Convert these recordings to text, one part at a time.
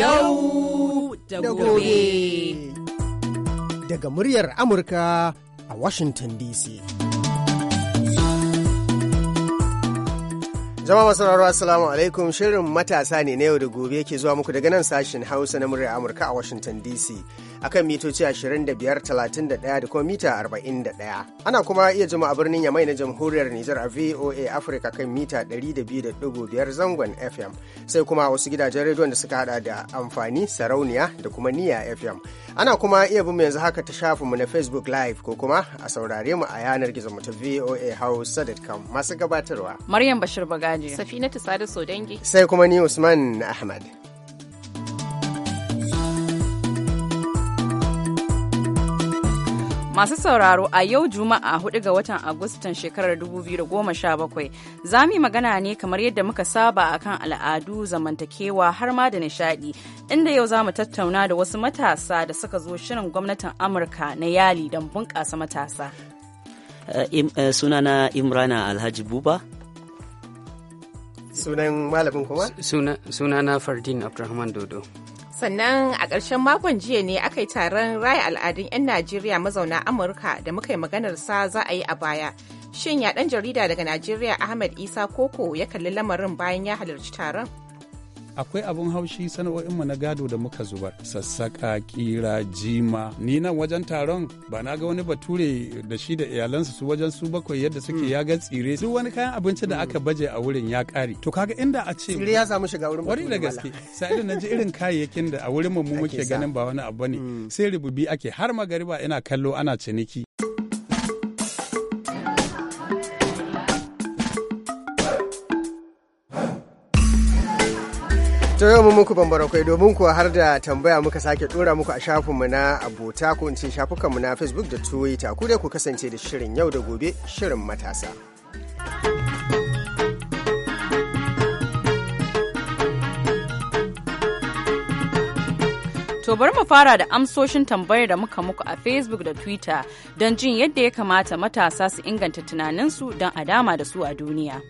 yau da gobe. Daga muryar Amurka a Washington DC. Jama'a masu sauraro Assalamu alaikum shirin matasa ne na yau da gobe yake zuwa muku daga nan sashen Hausa na muryar Amurka a Washington DC. akan mitoci 25,31 da kuma mita 41. Ana kuma iya jima a birnin Yamai na jamhuriyar Nijar a VOA Africa kan mita 200.5 zangon FM. Sai kuma wasu gidajen rediyon da suka hada da amfani sarauniya da kuma niya FM. Ana kuma iya bin yanzu haka ta shafinmu na Facebook Live ko kuma a saurare mu a yanar gizo mu ta VOA kan masu gabatarwa. Maryam Bashir Bagaji. Safina Tusadu dangi? Sai kuma ni Usman Ahmad. Masu sauraro a yau Juma'a 4 ga watan Agustan shekarar 2017 za mu magana ne kamar yadda muka saba a kan al'adu zamantakewa har ma da nishadi inda yau za mu tattauna da wasu matasa da suka zo shirin gwamnatin Amurka na yali don bunƙasa matasa. Eh, eh, sunana Imrana Alhaji Buba. Sunan malamin kuma? Sunana Fardin Abdulrahman Dodo. sannan a ƙarshen makon jiya ne aka yi taron raya al'adun 'yan najeriya mazauna amurka da muka yi maganar sa za a yi a baya shin ya ɗan jarida daga najeriya Ahmad isa koko ya kalli lamarin bayan ya halarci taron akwai abin haushi mu na gado da muka zubar Sassaka, ƙira jima ni nan wajen taron ba na ga wani bature da shi da iyalansa su wajen su bakwai yadda suke mm. ya ga tsire duk wani kayan abinci da mm. aka baje a wurin ya ƙare to kaga inda a ce tsire ya samu shiga wurin wani da gaske sai na ji irin kayayyakin da a wurin mu muke ganin ba wani abu bane mm. sai rububi ake har magariba ina kallo ana ciniki. To yau mun muku bambara kwai domin kuwa har da tambaya muka sake dora muku a shafinmu na abota ko in ce mu na Facebook da Twitter ku dai ku kasance da shirin yau da gobe shirin matasa. To bari mu fara da amsoshin tambayar da muka muku a Facebook da Twitter don jin yadda ya kamata matasa su inganta tunaninsu don a dama da su a duniya.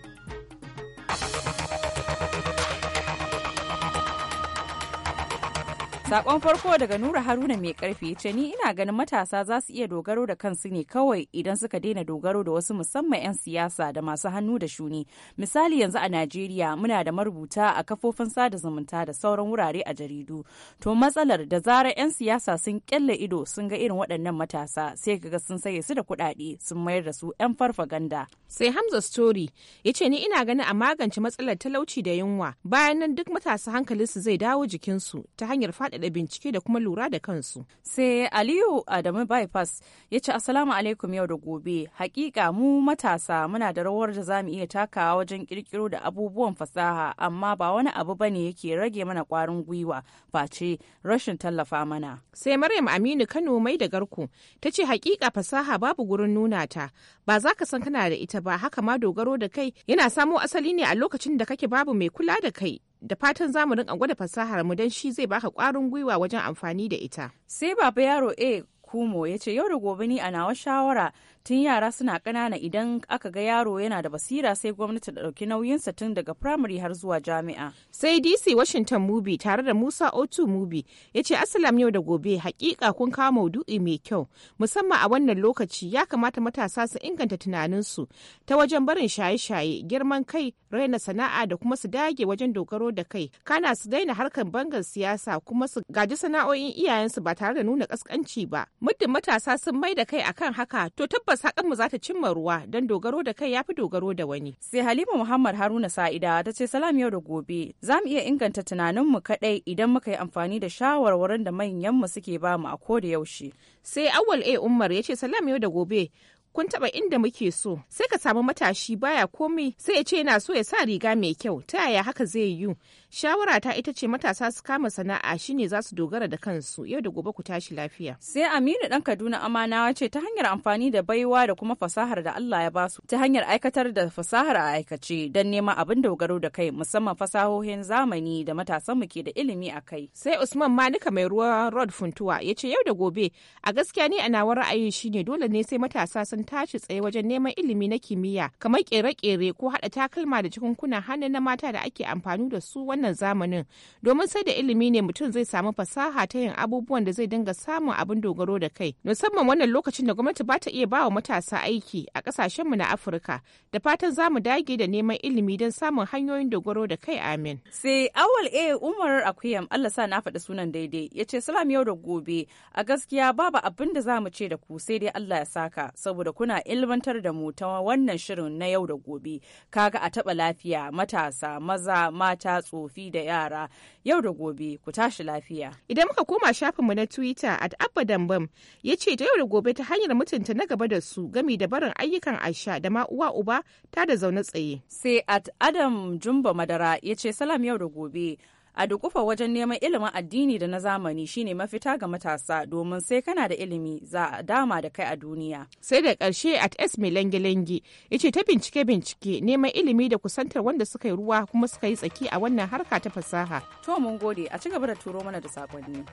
Sakon farko daga Nura Haruna mai karfi ce ni ina ganin matasa za su iya dogaro da kansu ne kawai idan suka daina dogaro da wasu musamman 'yan siyasa da masu hannu da shuni. Misali yanzu a Najeriya muna da marubuta a kafofin sada zumunta da sauran wurare a jaridu. To matsalar da zarar 'yan siyasa sun kyalle ido sun ga irin waɗannan matasa sai kaga sun saye su da kuɗaɗe sun mayar da su 'yan farfaganda. Sai Hamza Story ya ce ni ina ganin a magance matsalar talauci da yunwa bayan nan duk matasa hankalinsu zai dawo jikinsu ta hanyar faɗi da bincike da kuma lura da kansu. Sai Aliyu Adamu Bypass ya ce asalamu alaikum yau da gobe. Hakika mu matasa muna da rawar da zamu iya takawa wajen kirkiro da abubuwan fasaha amma ba wani abu bane yake rage mana kwarin gwiwa face rashin tallafa mana. Sai Maryam Aminu Kano mai da garku ta ce hakika fasaha babu gurin nuna ta ba za ka san kana da ita ba haka ma dogaro da kai yana samo asali ne a lokacin da kake babu mai kula da kai da fatan za mu rinka gwada fasahar mu don shi zai baka kwarin gwiwa wajen amfani da ita. Sai baba yaro A Kumo ya ce yau da gobe ni a nawa shawara tun yara suna ƙanana idan aka ga yaro yana da basira sai gwamnati da ɗauki nauyinsa tun daga firamare har zuwa jami'a. Sai DC Washington Mubi tare da Musa Otu Mubi ya ce Asalam yau da gobe hakika kun kawo maudu'i mai kyau musamman a wannan lokaci ya kamata matasa su inganta tunaninsu ta wajen barin shaye-shaye girman kai raina sana'a da kuma su dage wajen dogaro da kai kana su daina harkar bangar siyasa kuma su gaji sana'o'in iyayensu ba tare da nuna kaskanci ba muddin matasa sun mai da kai akan haka to tabbas tabbas mu za ta cimma ruwa don dogaro da kai ya fi dogaro da wani. Sai Halima Muhammad Haruna Sa'ida ta ce salam yau da gobe za mu iya inganta tunanin mu kaɗai idan muka yi amfani da shawarwarin da manyan mu suke bamu a ko da yaushe. Sai Awal A Umar ya ce salam yau da gobe kun taba inda muke so sai ka samu matashi baya komai sai ya ce yana so ya sa riga mai kyau ta yaya haka zai yiwu shawara ta ita ce matasa su kama sana'a shine za su dogara da kansu yau da gobe ku tashi lafiya sai aminu dan kaduna amanawa ce ta hanyar amfani da baiwa da kuma fasahar da allah ya basu ta hanyar aikatar da fasahar a aikace don neman abin dogaro da kai musamman fasahohin zamani da matasan mu ke da ilimi a kai sai usman malika mai ruwa rod funtuwa ya ce yau da gobe a gaskiya ni a nawa ra'ayin shine dole ne sai matasa sun kan tashi tsaye wajen neman ilimi na kimiyya kamar kere-kere ko haɗa takalma da cikunkunan hannu na mata da ake amfani da su wannan zamanin domin sai da ilimi ne mutum zai samu fasaha ta yin abubuwan da zai dinga samun abin dogaro da kai musamman wannan lokacin da gwamnati ba ta iya ba wa matasa aiki a ƙasashenmu na afirka da fatan za mu dage da neman ilimi don samun hanyoyin dogaro da kai amin sai awal a umar akuyam allah sa na faɗa sunan daidai ya ce salam yau da gobe a gaskiya babu abin da za mu ce da ku sai dai allah ya saka saboda da kuna ilmantar da mu ta wannan shirin na yau da gobe kaga a taɓa lafiya matasa maza mata tsofi da yara yau da gobe ku tashi lafiya. Idan muka koma shafinmu na Twitter at Abba Dambam ya ce ta yau da gobe ta hanyar mutunta na gaba da su gami da barin ayyukan aisha da ma uwa uba ta da zaune tsaye. Sai at Adam Jumba Madara ya ce salam yau da gobe A dukufa wajen neman ilimin addini da na zamani shine mafita ga matasa domin sai kana da ilimi za a dama da kai a duniya. Sai da ƙarshe at S mai langilangi yace ta bincike bincike neman ilimi da kusantar wanda suka yi ruwa kuma suka yi tsaki a wannan harka ta fasaha. To mun gode a ci gaba da turo mana da sakonni.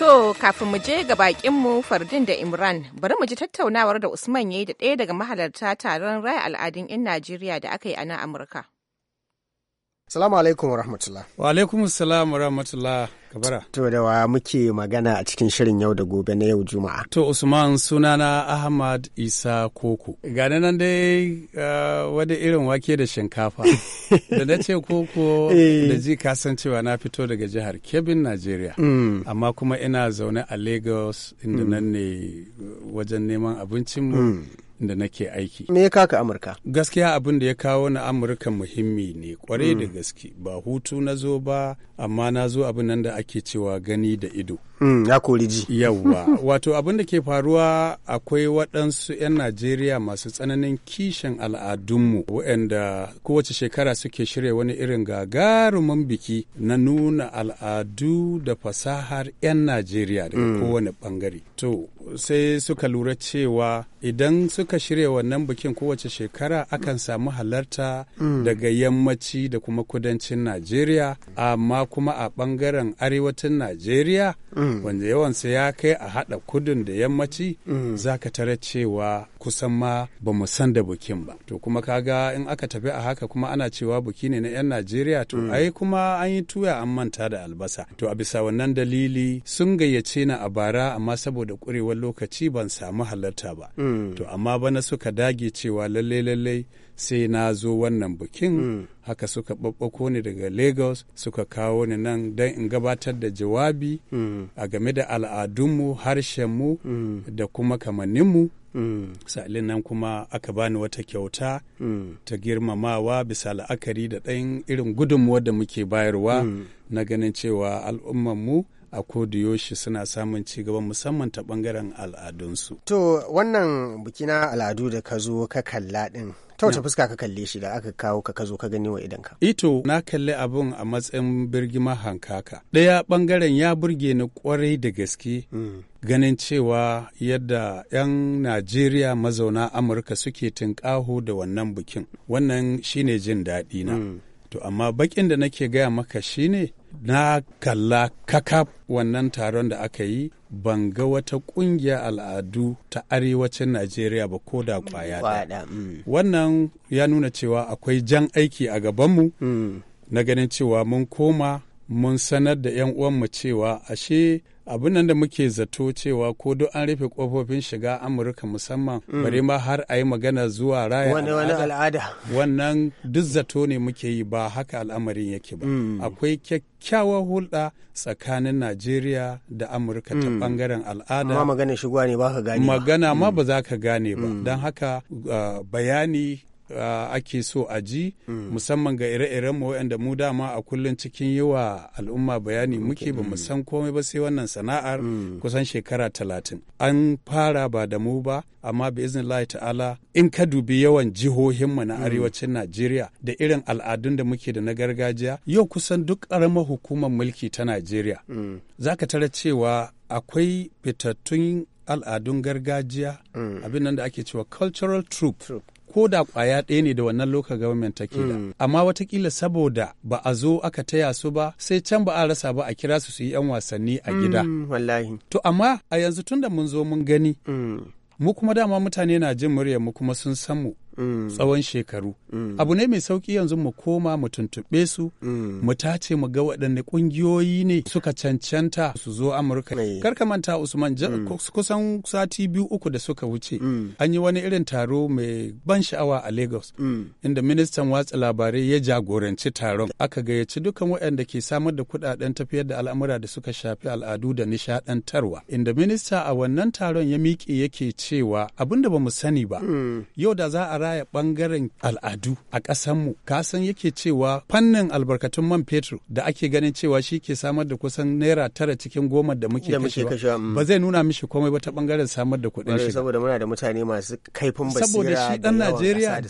To kafin mu je ga bakinmu Fardin da Imran bari mu ji tattaunawar da Usman ya yi da ɗaya daga mahalarta taron raya al'adun 'yan Najeriya da aka yi a nan Amurka. Salamu alaikum wa rahmatullah. Wa alaikum salam wa rahmatullah. Kabara. To da wa muke magana a cikin shirin yau da gobe na yau Juma'a. To Usman sunana Ahmad Isa Koko. Gane nan dai uh, ah, wada irin wake da shinkafa. da na ce koko eh. da ji kasancewa na fito daga jihar Kebbin Najeriya. Mm. Amma kuma ina zaune a Lagos inda mm. nan ne wajen neman abincinmu. Mm. da nake aiki. Me ya kaka Amurka? Gaskiya abin da ya kawo na Amurka muhimmi ne kwarai da mm. gaske ba hutu na zo ba amma na zo abin nan da ake cewa gani da ido. Hmm, ya kori ji. Yawwa, wato abin da ke faruwa akwai waɗansu 'yan Najeriya masu tsananin kishin al'adunmu waɗanda kowace shekara suke shirya wani irin gagarumin biki na nuna al'adu da fasahar 'yan Najeriya daga hmm. kowane ɓangare. To, sai suka lura cewa idan suka shirya wannan bikin kowace shekara akan samu halarta hmm. daga yammaci da kuma kudancin Najeriya, amma kuma a bangaren arewacin Najeriya mm. wanda yawansa ya kai a haɗa kudin da yammaci mm. za ka tare cewa kusan ma ba mu san da bukin ba. To kuma kaga in aka tafi a haka kuma ana cewa buki ne na 'yan Najeriya to mm. ai kuma an yi tuya an manta da albasa. To a bisa wannan dalili sun gayyace ni a bara amma saboda ƙurewar lokaci ban samu halarta ba. To amma bana suka dage cewa lallai lallai sai na zo wannan bikin hmm. haka suka ɓaɓɓako ni daga lagos suka kawo ni nan don in gabatar da jawabi hmm. a game da al'adunmu harshenmu hmm. da kuma kamanninmu sa'ilin nan kuma aka bani wata kyauta ta girmamawa bisa la'akari da ɗayan irin gudunmuwa da muke bayarwa na ganin cewa al'ummanmu a kodiyoshi suna samun ci gaban musamman ta ɓangaren al'adunsu. To wannan bikina al'adu da ka zo ka kalla ɗin ta wace fuska ka kalle shi da aka kawo ka kazo ka gani wa ka. ito na kalli abun a matsayin birgima hankaka ɗaya bangaren ya burge ni kwarai da gaske mm. ganin cewa yadda 'yan najeriya mazauna amurka suke tunƙaho da wannan bikin wannan shine jin daɗi na mm. To amma bakin da nake gaya maka shine na kalla kakaf wannan taron da aka yi ban ga wata ƙungiyar al'adu ta arewacin Najeriya ba ko da kwaya mm. Wannan ya nuna cewa akwai jan aiki a gabanmu mm. na ganin cewa mun koma mun sanar da 'yan uwanmu cewa ashe abin nan da muke zato cewa ko duk an rufe kofofin shiga amurka musamman mm. bari ma har a yi magana zuwa raya al'ada wannan duk zato ne muke yi ba haka al'amarin yake ba mm. akwai kyakkyawar hulɗa tsakanin najeriya da amurka ta bangaren mm. al'ada ma magana ne ba ka gane magana ma ba za ka gane ba don haka ah, bayani uh, ake so a ji mm. musamman ga ire-iren mu waɗanda mu dama a kullum cikin yi wa al'umma bayani muke ba mu mm. san komai ba sai wannan sana'ar mm. kusan shekara talatin an fara ba da mu ba amma bi iznillahi ta'ala in ka dubi yawan jihohinmu na arewacin najeriya da irin al'adun da muke da na gargajiya yau kusan duk ƙaramar hukumar mulki ta najeriya zaka za ka tara cewa akwai fitattun al'adun gargajiya abin nan da ake cewa cultural troop, ko da kwaya ɗaya ne da wannan local government take da mm. amma watakila saboda ba a zo aka taya su ba sai can ba a rasa ba a kira su su yi 'yan wasanni a gida mm, wallahi to amma a yanzu tun da mun zo mun gani mm. mu kuma dama mutane na jin muryar mu kuma sun san mu Mm. tsawon shekaru mm. abu ne mai sauki yanzu mu koma mu tuntuɓe su mm. mu tace mu ga waɗanne ƙungiyoyi ne suka cancanta su zo amurka karka manta usman kusan sati biyu uku da suka wuce an yi wani irin taro mai ban sha'awa a lagos inda ministan watsa labarai ya jagoranci taron aka gayyaci dukkan waɗanda ke samar da kuɗaɗen tafiyar da al'amura da suka shafi al'adu da nishaɗantarwa inda minista a wannan taron ya miƙe yake cewa abinda da ba mu sani ba yau da za a raya bangaren al'adu a ka san yake cewa fannin albarkatun man fetur da ake ganin cewa shi ke samar da kusan naira tara cikin goma da muke kashewa mm. ba zai nuna mishi komai ba ta bangaren samar da kuɗin shi saboda muna da mutane masu kaifin basira saboda shi dan Najeriya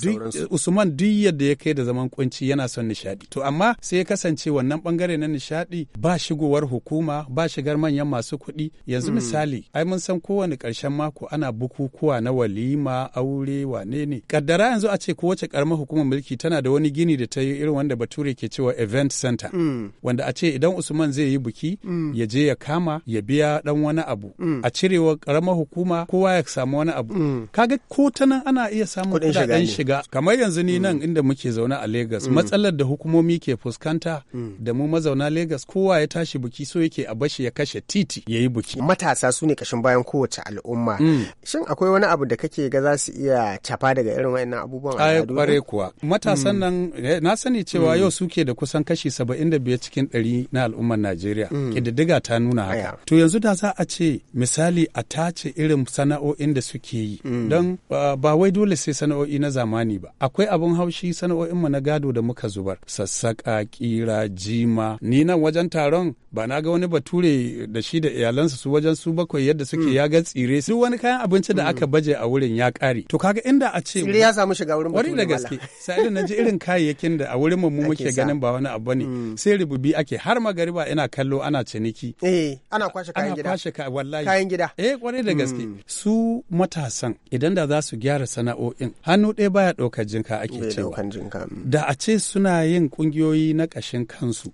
Usman duk yadda ya kai da zaman kunci yana son nishadi to amma sai ya kasance wannan bangare na nishadi ba shigowar hukuma ba shigar manyan masu kuɗi yanzu mm. misali ai mun san kowane ƙarshen mako ana bukukuwa na walima aure wane ne kaddara yanzu a ce kowace karamar hukumar mulki tana da wani gini da ta yi irin wanda bature ke cewa event center mm. wanda a ce idan usman zai yi buki mm. ya je ya kama ya biya dan wani abu mm. a cirewa karamar hukuma kowa ya samu wani abu mm. kaga ko ta nan ana iya samun kudaden shiga kamar yanzu ni mm. nan inda muke zauna a Lagos mm. matsalar da hukumomi ke fuskanta da mu mazauna Lagos kowa ya tashi buki so yake a bashi ya kashe titi ya yi buki matasa su ne kashin bayan kowace al'umma shin akwai wani abu da kake ga za su iya cafa daga irin wayannan abubuwan kware kuwa matasan hmm. nan eh, na sani cewa hmm. yau suke da kusan kashi 75 cikin 100 na al'ummar Najeriya kididdiga hmm. ta nuna haka to yanzu da za a ce misali a tace irin sana'o'in da suke yi don ba wai dole sai sana'o'i na zamani ba akwai abun haushi sana'o'in mu na gado da muka zubar sassaka kira jima ni nan wajen taron ba na ga wani bature da shi da iyalansa su wajen su bakwai yadda suke ya ga tsire duk wani kayan abinci da aka baje a wurin ya kare to kaga inda a ce dai ya samu shiga wurin bature da gaske sai na ji irin kayayyakin da a wurin mu muke ganin ba wani abu ne mm. sai rububi ake har magariba ina kallo ana ciniki eh ana kwashe kayan gida ana kwashe wallahi kayan gida eh kwarai da gaske mm. su matasan idan da za su gyara sana'o'in hannu ɗaya baya ɗaukar jinka ake cewa mm. da a ce suna yin kungiyoyi na ƙashin kansu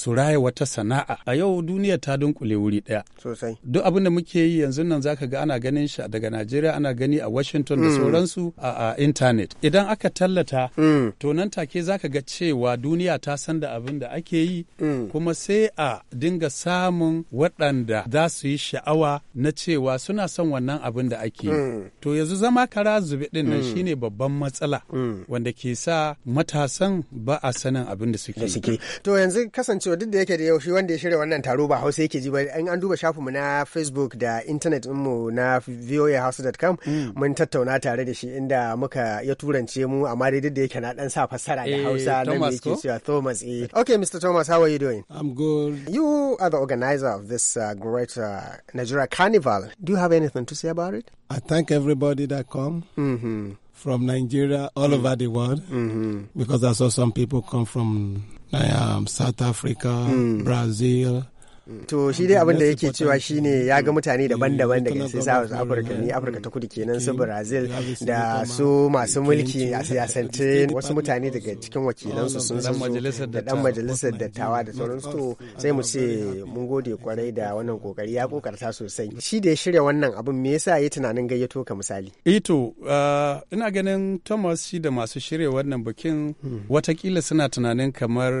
su raya wata sana'a a yau duniya ta dunkule wuri ɗaya sosai duk abin da muke yi yanzu nan zaka ga ana ganin shi daga Najeriya ana gani a Washington da sauransu a intanet idan aka tallata mm. to nan take za ka ga cewa duniya ta san da abin da ake yi mm. kuma sai a dinga samun waɗanda za su yi sha'awa na cewa suna son wannan abin da ake yi mm. to yanzu zama kara zube ɗin nan mm. shine babban matsala mm. wanda ke sa matasan ba a sanin abin da suke yi to yanzu kasancewa duk da yake da yaushe wanda ya shirya wannan taro ba hausa yake ji ba in an duba shafinmu na facebook da intanet mu na voahouse.com mm. mun tattauna tare da shi inda muka ya turance mu amma dai duk da yake na dan sa da eh, Hausa cewa Thomas eh okay Mr Thomas how are you doing I'm good you are the organizer of this uh, great uh, Nigeria Carnival do you have anything to say about it I thank everybody that come mm -hmm. from Nigeria all mm -hmm. over the world mm -hmm. because I saw some people come from um, South Africa, mm. Brazil, to shi dai abin da yake cewa shine ya ga mutane daban-daban eh, daga sai wasu africa ne afirka ta kudu kenan su brazil da su masu mulki a siyasance wasu mutane daga cikin wakilansu sun zo da dan majalisar dattawa da sauransu to sai mu ce mun gode kwarai da wannan kokari ya kokarta sosai shi da ya shirya wannan abin me yasa ya tunanin gayyato ka misali ito eh uh, ina ganin thomas shi da masu shirya wannan bikin hmm. watakila suna tunanin kamar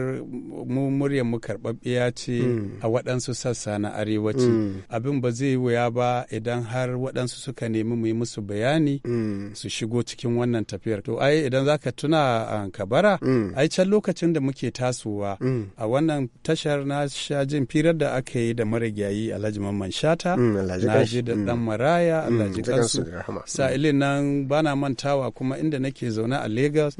mu muryar mu karbabbiya ce hmm. a wadannan. waɗansu sassa na arewaci mm. abin ba zai wuya ba idan har waɗansu suka nemi mu yi musu bayani mm. su shigo cikin wannan tafiyar to ai idan zaka tuna an kabara mm. ai can lokacin da muke tasowa a wannan tashar na sha jin firar da aka yi da marigayi alhaji mamman shata na ji da dan maraya alhaji kansu sa'ilin nan bana mantawa kuma inda nake zaune a lagos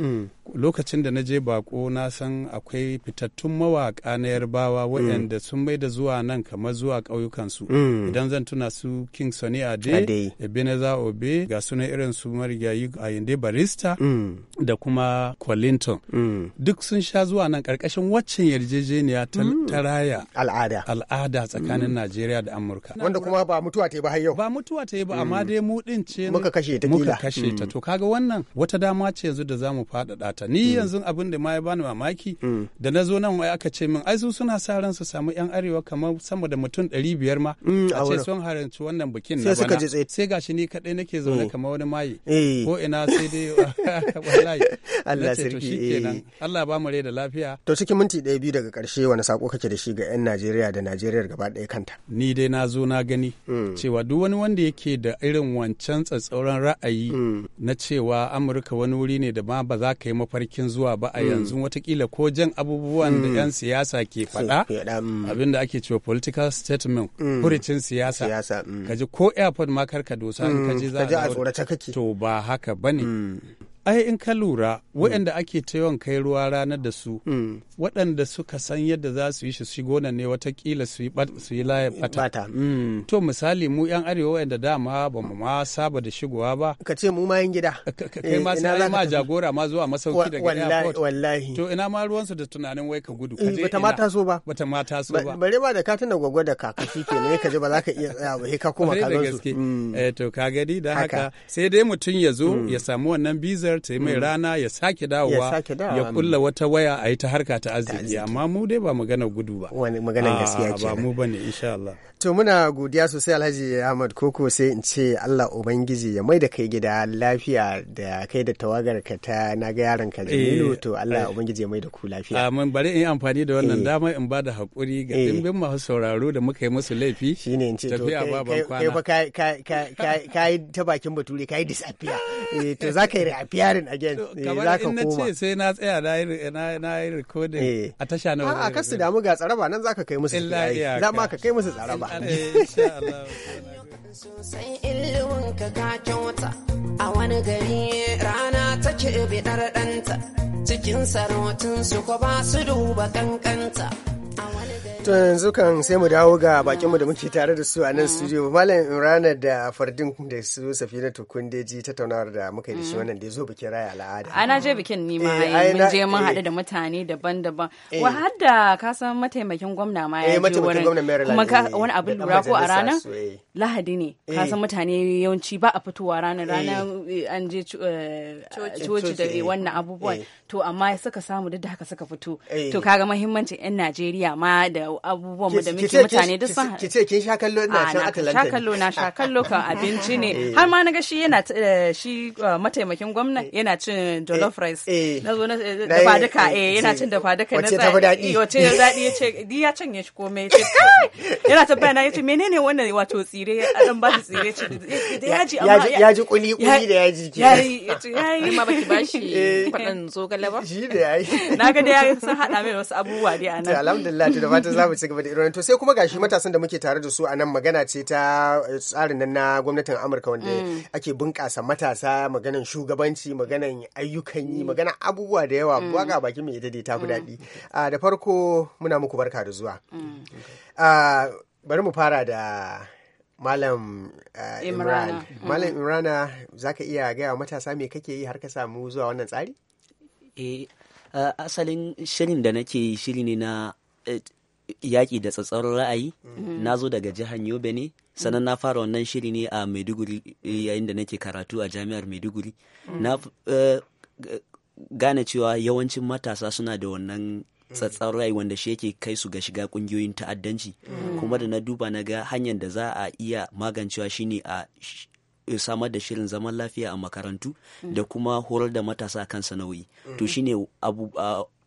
lokacin da na je bako na san akwai fitattun mawaƙa na yarbawa waɗanda sun mai da zuwa zuwa nan kamar zuwa ƙauyukansu mm. idan zan tuna su king sani ade ebeneza obe ga suna irin su marigayi yande barista mm. da kuma colinton mm. duk sun sha zuwa nan ƙarƙashin waccan yarjejeniya ta raya al'ada al'ada tsakanin najeriya da amurka wanda kuma ba mutuwa ta yi ba har yau ba mutuwa ta yi ba amma dai mu din ce muka kashe ta muka kashe ta to kaga wannan wata dama ce yanzu da zamu faɗaɗa ta ni yanzu abin da ma ya bani mamaki da na zo nan wai aka ce min ai su suna sa ran su samu yan arewa kamar sama da mutum ɗari biyar ma mm, a ce sun haranci wannan bikin na bana sai gashi ni kaɗai nake zaune oh. kamar wani maye eh. ko ina sai dai wallahi Allah sarki eh. Allah ba mu rai da lafiya to cikin minti ɗaya biyu daga karshe wani sako kake da shi ga 'yan Najeriya da Najeriya gaba ɗaya kanta ni dai na zo na gani mm. cewa duk wani wanda yake da irin wancan tsatsauran ra'ayi mm. na cewa Amurka wani wuri ne da ma ba za ka yi mafarkin zuwa ba a yanzu watakila ko jan abubuwan da 'yan siyasa ke faɗa abinda ake geopolitical political statement mm. siyasa mm. ka ji ko airport ma kar ka dosa in ji za a tsorata kake to ba haka bane mm. ai in ka lura mm. waɗanda ake ta yawan kai ruwa ranar da su waɗanda suka san yadda za su yi shi shigo nan ne watakila su yi bata. Mm. To misali mu 'yan arewa yadda dama ba mu ma saba da shigowa ba. Ka ce mu ma yin gida. Kai ma eh, sai ma jagora ma zuwa masauki daga airport. Wallahi. To ina ma ruwansu da tunanin wai ka gudu. Eh, bata ma taso ba. Bata ma taso ba. Bare ba da ka tuna gwagwa da kaka shi ke ne ka ji ba za ka iya tsaya ba ka kuma ka gaske. Mm. Eh to ka gani da haka sai dai mutum ya zo mm. ya samu wannan bizar ta yi mai rana ya sake dawowa ya kulla wata waya a yi ta harka ta da arziki amma mu dai ba magana gudu ba wani maganan gaskiya ba mu bane insha Allah to muna godiya sosai Alhaji Ahmad Koko sai in ce Allah ubangiji ya mai da kai gida lafiya da kai da tawagar ka ta na ga yaron ka Jamilu eh, to Allah eh. ubangiji ya mai da ku lafiya amin bari in yi amfani da wannan eh. dama in ba da hakuri ga dimbin masu sauraro da muka yi musu laifi shine in ce to kai ba ka kai ta bakin bature ka yi disappear to za ka yi reappearing again zaka koma in na ce sai na tsaya na yi record din eh. a tasha nawa a kasu damu ga tsaraba nan zaka kai musu tsirrai za ma ka kai musu tsaraba sosai ilimin ka ga kyauta a wani gari rana take bidar danta cikin sarautun su ko ba su duba kankanta To yanzu kan sai mu dawo ga bakinmu da muke tare da su a nan studio. Malam Imrana da Fardin da su Safina Tukundeji tattaunawar da muka yi da shi mm. wannan da zo bikin raya al'ada. na je bikin ni ma eh, mun je mun eh. haɗu da mutane daban-daban. Eh. Wa har da ka san mataimakin gwamna ma ya je wurin. Kuma wani abin lura ko a ranar Lahadi ne. Ka san mutane yawanci ba a fitowa ranar ranar an je coci da wannan abubuwan. To amma suka samu duk da haka suka fito. To kaga muhimmancin 'yan Najeriya ma da abubuwan mu da muke mutane duk sun ki ce kin sha kallo ina can ah, atalanta sha kallo na sha kallo kan abinci ne eh. har ma naga shi yana eh, shi uh, mataimakin gwamna eh. yana cin jollof rice na zo na dafa duka eh yana cin dafa duka na zai daɗi wace ya daɗi yace di ya canye shi komai ya ce yana tabbaya na yace menene wannan wato tsire dan ba shi tsire ce da yaji amma yaji kuni kuni da yaji ke yayi yayi ma baki bashi fadan zo galaba shi da yayi naga da ya sun hada mai wasu abubuwa dai anan alhamdulillah to da fatan za mu ci gaba da irin to sai kuma gashi matasan da muke tare da su a nan magana ce ta eh, tsarin nan na gwamnatin Amurka wanda mm. ake bunkasa matasa maganan shugabanci maganan ayyukan yi maganan abubuwa da yawa mm. waka bakin mai ita dai ta mm. daɗi ah, da farko muna muku barka da zuwa ah, bari mu fara da Malam uh, Imran. Malam Imrana za ka iya gaya matasa me kake yi har ka samu zuwa wannan tsari? Eh, uh, asalin shirin da nake shiri ne na yaƙi da tsatsauran ra'ayi mm-hmm. na zo daga jihar yobe ne sannan na fara wannan shiri ne a maiduguri eh, yayin da nake karatu a jami'ar maiduguri mm. na eh, gane cewa yawancin matasa suna da wannan mm. tsatsauran ra'ayi wanda shi yake kai su ga shiga ƙungiyoyin ta'addanci mm. kuma da na duba na ga hanyar da za a iya magancewa shine a eh, samar da shirin zaman lafiya a makarantu da kuma horar da matasa kan sana'o'i to shine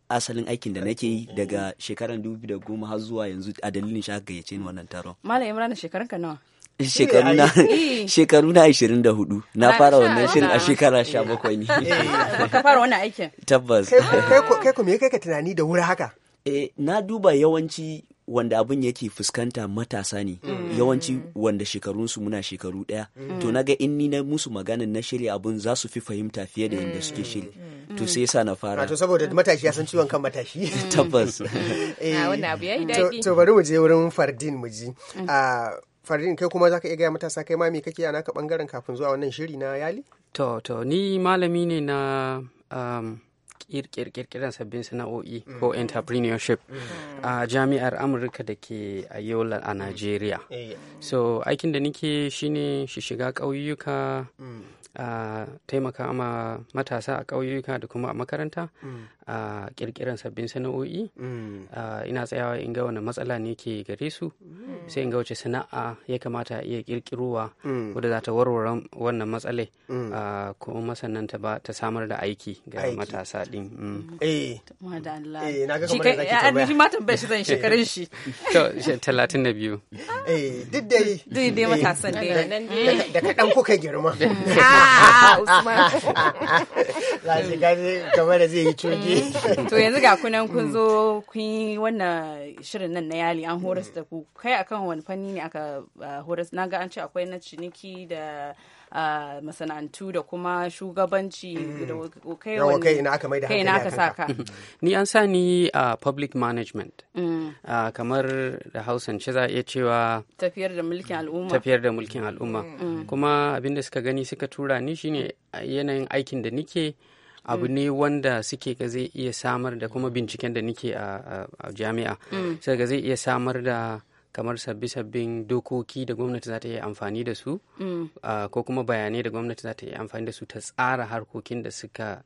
asalin aikin da nake yi daga shekaran dubu da goma har zuwa yanzu a dalilin sha aka gayyace ni wannan taron. Malam Imran shekarun ka nawa? Shekaru na ashirin da 24 na fara wannan shirin a shekara 17 ne. Ka fara wannan aikin? Tabbas. Kai ko me kai ka tunani da wuri haka? Eh, na duba yawanci wanda abin yake fuskanta matasa ne mm. Mm. yawanci wanda shekarunsu muna shekaru ɗaya mm. to naga in ni na musu maganin na shirya abin za su fi fahimta fiye da yadda mm. suke shiri to sai sa na fara to saboda matashi ya san ciwon kan matashi tabbas eh. ah, to bari mu je wurin fardin mu ji ah, fardin kai kuma zaka iya gaya matasa kai ma me kake a naka bangaren kafin zuwa wannan shiri na yali to to ni malami ne na um, kirkirkiran sabbin sana'o'i mm. ko entrepreneurship a mm. jami'ar amurka da ke ayola a nigeria eh, so aikin da nike shine shi shiga ƙauyuka mm. a taimaka ma matasa a ƙauyuka da kuma a makaranta a kirkiran sabbin sana'o'i mm. ina tsayawa in ga wani matsala ne ke gare su mm. sai in ga wace sana'a ya kamata iya kirkirowa mm. wadda za ta warware wannan matsalai kuma masannan ta samar da aiki ga matasa din eh, eh ma shi zan shekarun shi biyu eh, duk dai da ka da kuka girma ah, a usman gaji kamar da zai yi coge to yanzu ga kunan kun zo kun yi wannan shirin nan na yali an horas da ku kai akan wani fanni ne aka horas na ga an ce akwai na ciniki da masana'antu da kuma shugabanci da mm. kai na ina aka mai da hankali aka saka ni an sa ni a public management mm. kamar da hausance za a iya cewa tafiyar da mulkin al'umma tafiyar da mulkin al'umma mm. kuma abinda suka gani suka tura ni shine yanayin aikin da nike abu mm. ne wanda suke ga zai iya samar da kuma binciken da nike a jami'a mm. sai ga zai iya samar da kamar sabbi-sabbin dokoki da gwamnati za ta yi amfani da su mm. ko kuma bayanai da gwamnati za ta yi amfani da su ta tsara harkokin da suka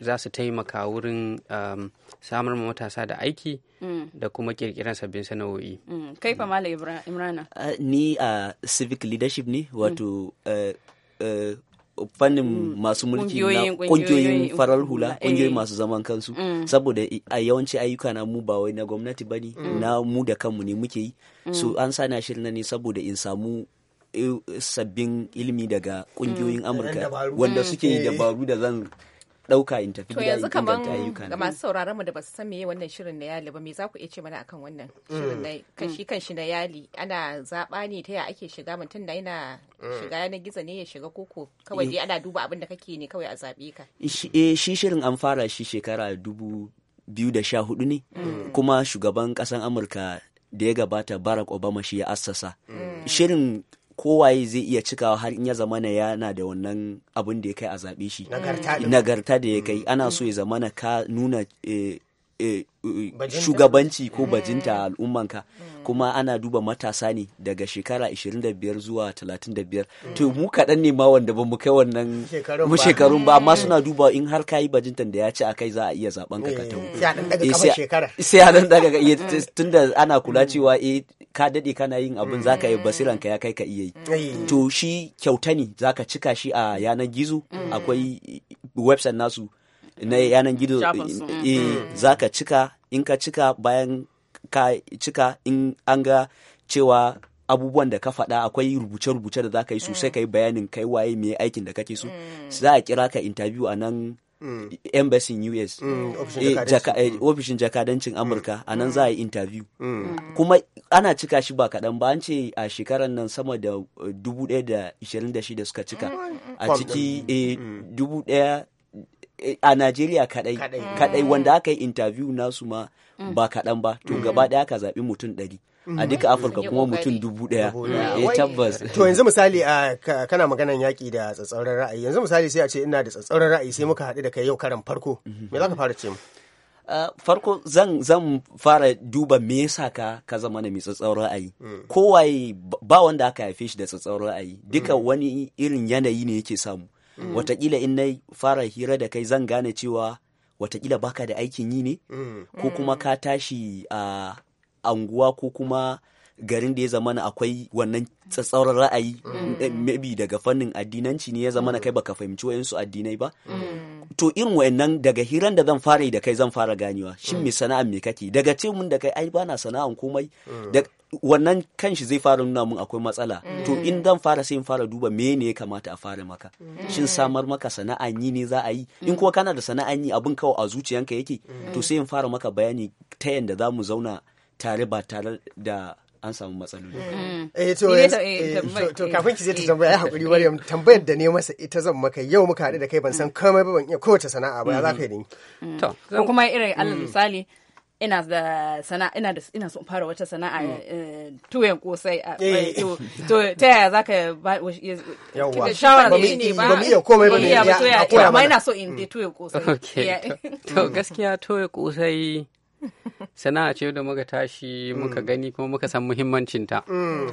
za su taimaka wurin um, samar ma matasa da aiki da kuma kirkiran sabbin sana'o'i. Kai fa Mala Imrana? Uh, ni a uh, civic leadership ne wato uh, fannin mm. masu mulki na kungiyoyin farar hula eh. kungiyoyin masu zaman kansu mm. saboda a yawanci ayyuka na mu ba wai na gwamnati ba ne mm. na mu da kanmu ne muke yi so an sa na shirin ne saboda in samu eh, sabbin ilimi daga kungiyoyin amurka wanda suke yi eh. dabaru da zan ɗauka in tafi gida yanzu inganta ga masu sauraron mu da ba su san meye wannan shirin na yali ba me za ku iya ce mana akan wannan mm. shirin na mm. kashi kanshi na yali ana zaba ne ta ya ake shiga mutum da yana mm. shiga na gizo ne ya shiga koko kawai dai eh. ana duba abin da kake ne kawai a zabe ka eh shi shirin an fara shi shekara dubu biyu da sha hudu ne kuma shugaban kasan amurka da ya gabata barack obama shi ya assasa shirin kowaye zai iya cikawa har in ya zamana yana da wannan abin da ya kai a zaɓe shi nagarta da ya kai mm. ana so ya zamana ka nuna eh, eh, eh, shugabanci ko mm. bajinta a al'ummanka mm. kuma ana duba matasa ne daga shekara 25 zuwa 35 to mu kaɗan ne ma wanda ba mu kai wannan shekarun ba amma suna duba in har ka yi bajintan da ya ci a kai za a iya zaɓen ka ka tawo sai a ɗan daga tunda ana kula cewa eh ka daɗe kana yin abin zaka yi basiran ka ya kai ka iya yi mm. to shi kyauta ne zaka cika shi a yanar gizo mm. akwai website nasu na yanar gizo eh, eh, mm. zaka cika in ka cika bayan ka cika in an ga cewa abubuwan da ka faɗa akwai rubuce-rubuce da za ka yi sosai ka yi bayanin kai waye mai aikin da kake so za a kira ka interview a nan Mm. embassy US mm, eh, eh, ofishin jakadancin Amurka a nan mm. za a yi interview kuma ana cika shi ba kaɗan ba an ce a shekarar nan sama da 1,026 eh, suka cika a ciki 1,000 a Najeriya kadai kadai wanda aka yi interview nasu ma ba kaɗan ba to gaba ɗaya aka zaɓi mutum ɗari a duka mhm. afirka kuma mutum dubu daya ya eh, tabbas to yanzu misali a kana maganan yaƙi da tsatsauran ra'ayi yanzu misali sai a ce ina da tsatsauran ra'ayi sai muka haɗu da kai yau karan farko mhm. me za ka fara ce mu farko zan zan fara duba me yasa ka ka zama na mai tsatsauran ra'ayi mm. kowaye ba wanda aka haife shi da tsatsauran ra'ayi mm. duka wani irin yanayi ne yake samu mm. watakila in na fara hira da kai zan gane cewa watakila baka da aikin yi ne ko kuma ka tashi a uh, anguwa ko kuma garin da ya zamana akwai wannan tsatsauran ra'ayi mm. maybe daga fannin addinanci ne ya zamana mm. kai baka fahimci wayansu addinai ba mm. to irin wayannan daga hiran da zan fara yi da kai zan fara ganewa shin me sana'an me kake daga ce mun da kai ai bana sana'an komai wannan kanshi zai fara nuna mun akwai matsala to in zan fara sai in fara duba me ne ya kamata a fara maka shin samar maka sana'an yi ne za a yi in kuma kana da sana'an yi abin kawai a zuciyanka yake to sai in fara maka bayani ta yanda za mu zauna tare ba tare da an samu matsaloli. Mm. Mm. Eh, eh, eh to kafin ki je ta eh. tambaya hakuri Maryam tambayar da ne masa ita zan maka yau muka haɗu da kai ban san mm. komai ba ban iya kowace sana'a ba za ka yi ni. To ko kuma irin alal misali ina da sana'a ina da ina son fara wata sana'a tuyan kosai a to ta yaya zaka ba shawara da ne ba ba iya komai ba ne ya ko amma ina so in je tuyan kosai. To gaskiya tuyan kosai sana'a ce da muka tashi muka mm. gani kuma muka san muhimmancinta. Mm,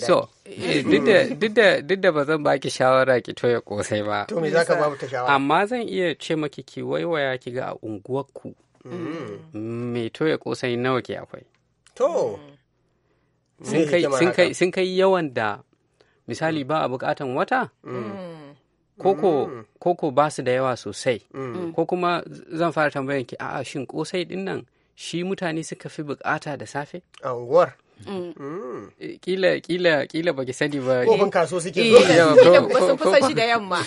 so, eh, duk da ba zan baki shawara ki toya kosai ba. To me zaka babu ta shawara? Amma zan iya ce maki ki waiwaya ki ga a unguwarku. Mm. Me toya kosai nawa ke akwai? To. Sun kai yawan da misali ba a bukatan wata? Koko ba su da yawa sosai. Ko kuma zan fara tambayan ki a'a shin kosai din nan shi mutane suka fi bukata da safe a mm. Mm. Eh, kila kila kila sani ba kofin kaso suke zo sun fi shi da yamma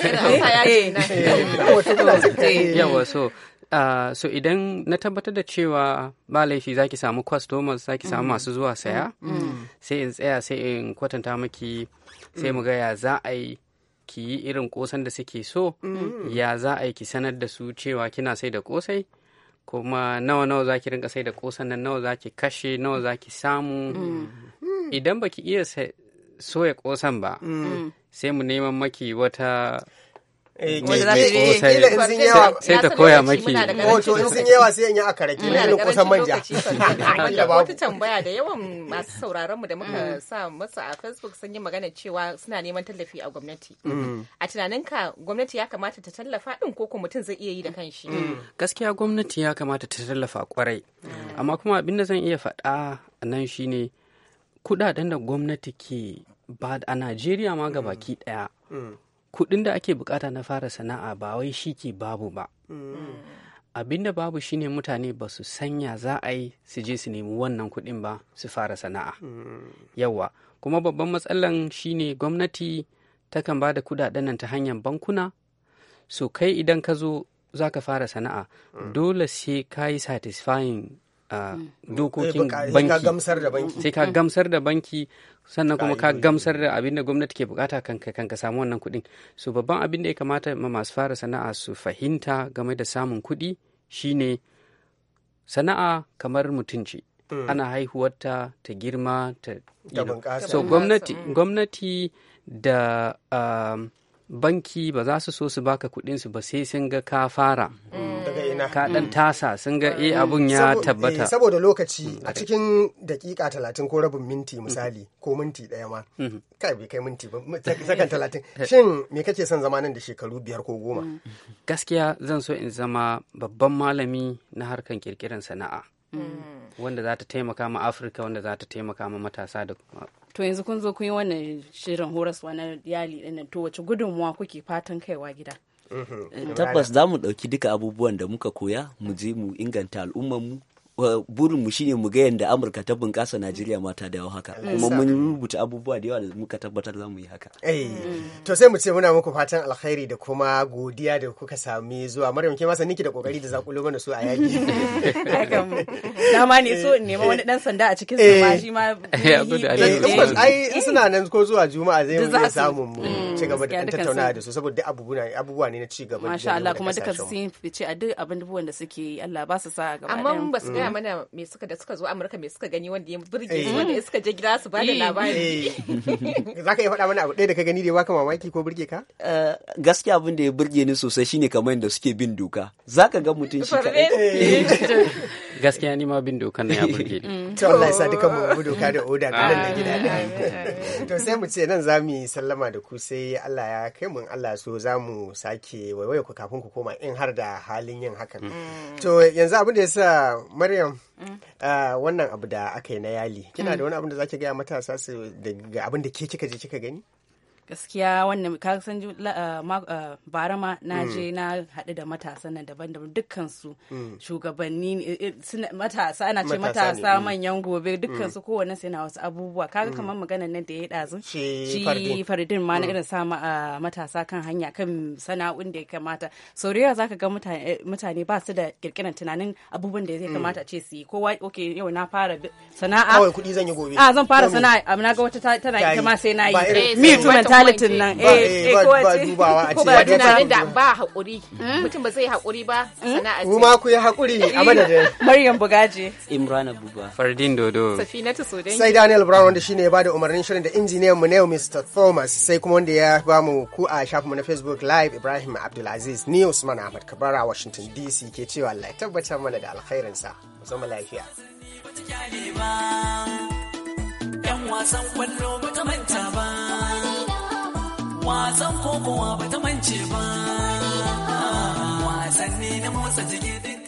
eh, eh, yawa so ah, so idan na tabbatar da cewa ba laifi zaki samu customers zaki samu mm. masu zuwa saya sai in tsaya sai in kwatanta maki sai mu ga ya za a yi ki yi irin kosan da suke so ya za a yi ki sanar da su cewa kina sai da kosai kuma nawa nawa zaki rinka sai da kosan nan nawa zaki kashe nawa zaki samu mm. idan baki iya soya kosan ba mm. sai mu neman maki wata Sai koya maki. Oh, to in sun yawa sai in yi akarake na irin kusan manja. Wata tambaya da yawan masu sauraron mu da muka mm. sa masa a Facebook sun yi magana cewa suna neman tallafi a gwamnati. Mm. A tunaninka gwamnati ya kamata ta tallafa din ko mutum zai iya yi da mm. kanshi. Gaskiya gwamnati ya kamata ta tallafa kwarai. Amma kuma abin da zan iya faɗa nan shine kudaden da gwamnati ke ba a Najeriya ma ga baki ɗaya. kuɗin da ake bukata na fara sana'a ba wai shi ke babu ba mm. abinda babu shine mutane ba su sanya za a yi su je su nemi wannan kuɗin ba su fara sana'a mm. yawa kuma babban matsalan shine gwamnati takan ba da kudaden nan ta hanyar bankuna so kai idan ka zo za ka fara sana'a mm. dole sai ka yi satisfying Mm. dokokin eh, banki sai ka gamsar da banki sannan kuma ka gamsar da abin da gwamnati ke bukata kan ka samu wannan kuɗin su babban abin da ya kamata masu fara sana'a su fahimta game da samun kuɗi shine sana'a kamar mutum mm. ce ana haihuwarta ta girma ta so gwamnati mm. da um, banki ba za su so su baka kuɗinsu ba sai sun ga ka fara mm. ka dan tasa sun ga eh abun ya eh, tabbata saboda lokaci a cikin dakika talatin ko rabin minti misali ko minti daya ma mm-hmm. kai bai kai minti ba sakan talatin eh. shin me kake son zama nan da shekaru biyar ko goma mm. gaskiya zan so in zama babban malami na harkan kirkiran sana'a mm. wanda za ta taimaka ma afirka wanda za ta taimaka ma matasa da to yanzu kun zo kun yi wannan shirin horaswa na yali ɗin to wace gudunmuwa kuke fatan kaiwa gida Mm-hmm. tabbas za mu ɗauki duka abubuwan da muka koya mu je mu inganta al'ummanmu burinmu shine mu ga yadda amurka ta bunƙasa najeriya ma ta dawo haka kuma mun rubuta abubuwa da yawa da muka tabbatar za mu yi haka eh, mm. to sai mu ce muna muku fatan alkhairi da kuma godiya da kuka sami zuwa maryam ke masa niki da kokari da zakulo mana su a yaki dama ne so in nema wani dan sanda a cikin su ma eh. shi ma ai eh. suna nan ko zuwa juma'a zai mu samu mm, mu ci gaba da tattaunawa da su saboda abubuwa ne na ci gaba masha Allah kuma duka sun fice a duk abin da suke Allah ba su sa gaba amma ba su mana me suka da suka zo Amurka me suka gani wanda ya burge su eh. wanda suka je gida su bada eh. labari. Eh. Za ka iya faɗa mana abu ɗaya da ka gani da ya baka mamaki ko burge ka? Gaskiya abin da ya burge ni sosai shine kamar yadda suke bin doka. Za ka ga mutum shi kaɗai. gaskiya ni ma bin dokan na ya burge ni mm. to Allah ya sa duka mu doka da oda da nan da gida to sai mu ce nan zamu yi sallama da ku sai Allah ya kai mun Allah so zamu sake waiwaye ku kafin ku koma in har da halin yin hakan mm. to yanzu abin da yasa Maryam mm. wannan abu da aka yi na yali kina da wani abin da zaki gaya matasa su daga abin da ke kika je kika gani gaskiya wannan ka san ah, ah, bara ma na mm. je na haɗu da matasa nan daban-daban dukkan su mm. shugabanni eh, eh, matasa ana ce matasa mm. manyan gobe dukkan su kowanne su yana wasu abubuwa kaga kamar magana nan da ya ɗazu shi faridin ma na irin sa ah, matasa kan hanya kan sana'un da ya kamata za zaka ga eh, mutane ba su da kirkiran tunanin abubuwan da ya kamata ce su yi kowa ok yau na fara sana'a kawai kuɗi zan yi gobe a zan fara sana'a na ga wata tana ita ma sai na yi mentalitin nan eh, eh, eh ba dubawa a ce ba tunanin da ba hakuri hmm? mutum ba zai hakuri ba hmm? sana'a kuma ku yi hakuri eh, a madadin Maryam Bugaje Imran Abuba Fardin Dodo Safinatu sodan sai Daniel Brown wanda shine ya bada umarnin shirin da injiniyan mu ne Mr Thomas sai kuma wanda ya ba mu ku a shafin mu na Facebook Live Ibrahim Abdulaziz ni Usman Ahmad Kabara Washington DC ke cewa Allah ya tabbatar mana da alkhairinsa mu zama lafiya yan wasan kwallo ba ta manta ba wasan kokowa ba ta mance ba wasanni na motsa jiki